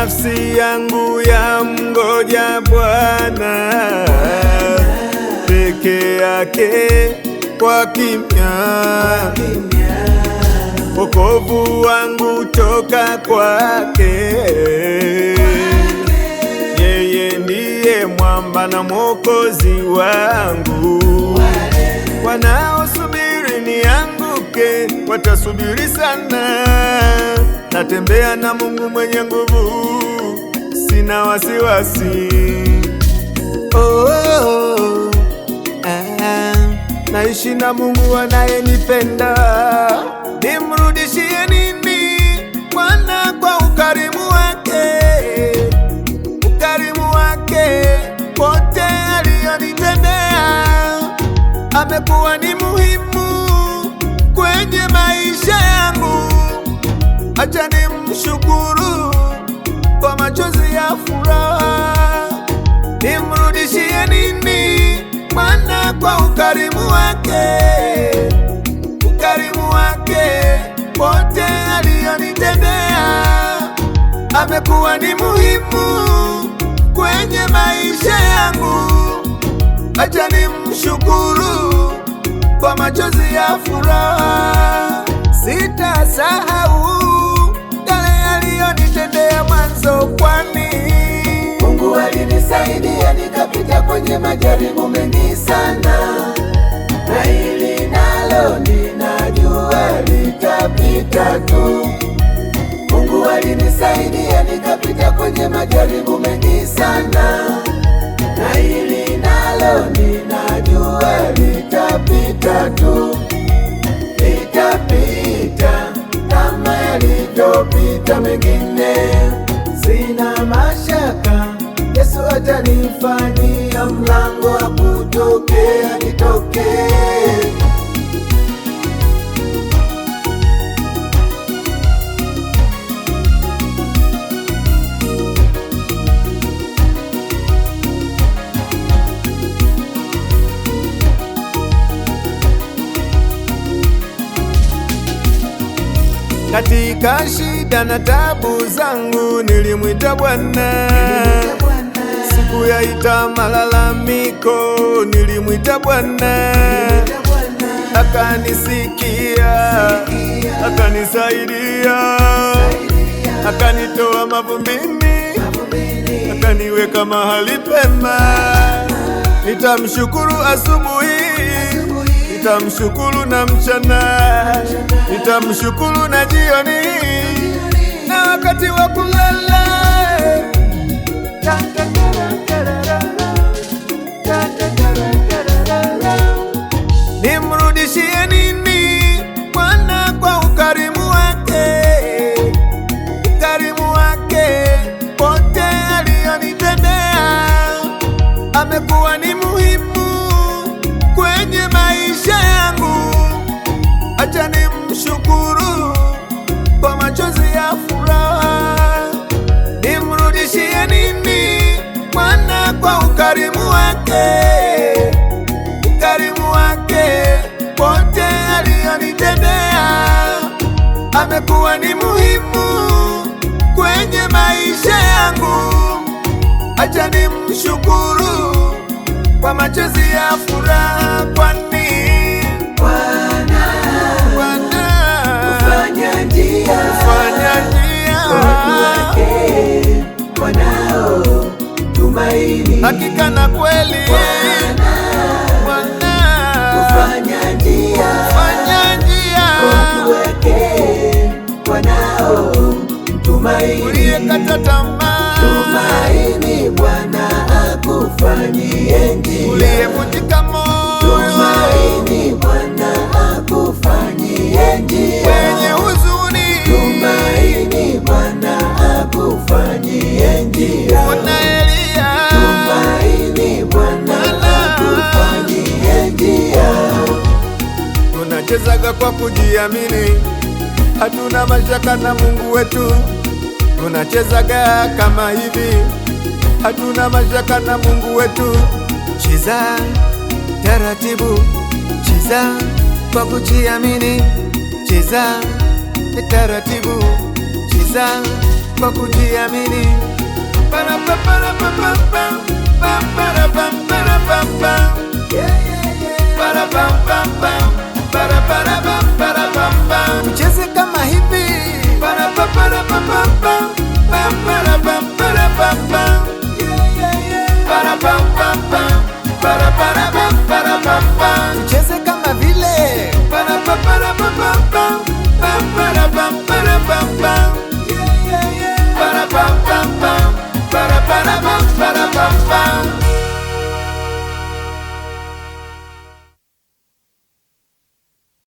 nafsi yangu ya mgoja Bwana peke yake kwa kimya, wokovu wangu toka kwake, yeye ndiye mwamba na mwokozi wangu. Wanaosubiri anguke watasubiri sana natembea na Mungu mwenye nguvu, sina wasiwasi. wasi. oh, oh. naishi na Mungu anayenipenda, nimrudishie acha mshukuru kwa machozi ya furaha, nimrudishie nini Bwana kwa ukarimu wake, ukarimu wake wote aliyonitendea, amekuwa ni muhimu kwenye maisha yangu, acha mshukuru kwa machozi ya furaha, sitasahau leo ninajua litapita tu. Mungu alinisaidia nikapita kwenye majaribu mengi sana, na hili nalo ninajua litapita tu, litapita kama yalivyopita mengine. Sina mashaka Yesu atanifanyia mlango wa kutokea nitokee Katika shida na tabu zangu nilimwita Bwana, siku ya ita malalamiko nilimwita Bwana, akanisikia, akanisaidia, akanitoa mavumbini, akaniweka mahali pema. Nitamshukuru asubuhi, nitamshukuru na mchana nitamshukuru na jioni na wakati wa kulala nini kwa ukarimu wake, ukarimu wake pote aliyonitendea amekuwa ni ya furaha, nimrudishie nini Bwana kwa ukarimu wake, ukarimu wake pote aliyonitendea, amekuwa ni muhimu kwenye maisha yangu. Acha nimshukuru kwa machozi ya furaha. hakika na kweli Bwana kufanya njia uliyekata tamaa, tumaini njia, uliyevunjika moyo tunawezaga kwa kujiamini, hatuna mashaka na Mungu wetu. Tunachezaga kama hivi, hatuna mashaka na Mungu wetu. Cheza taratibu, cheza kwa kujiamini, cheza taratibu, cheza kwa kujiamini Pa pa pa pa pa pa pa pa pa pa pa p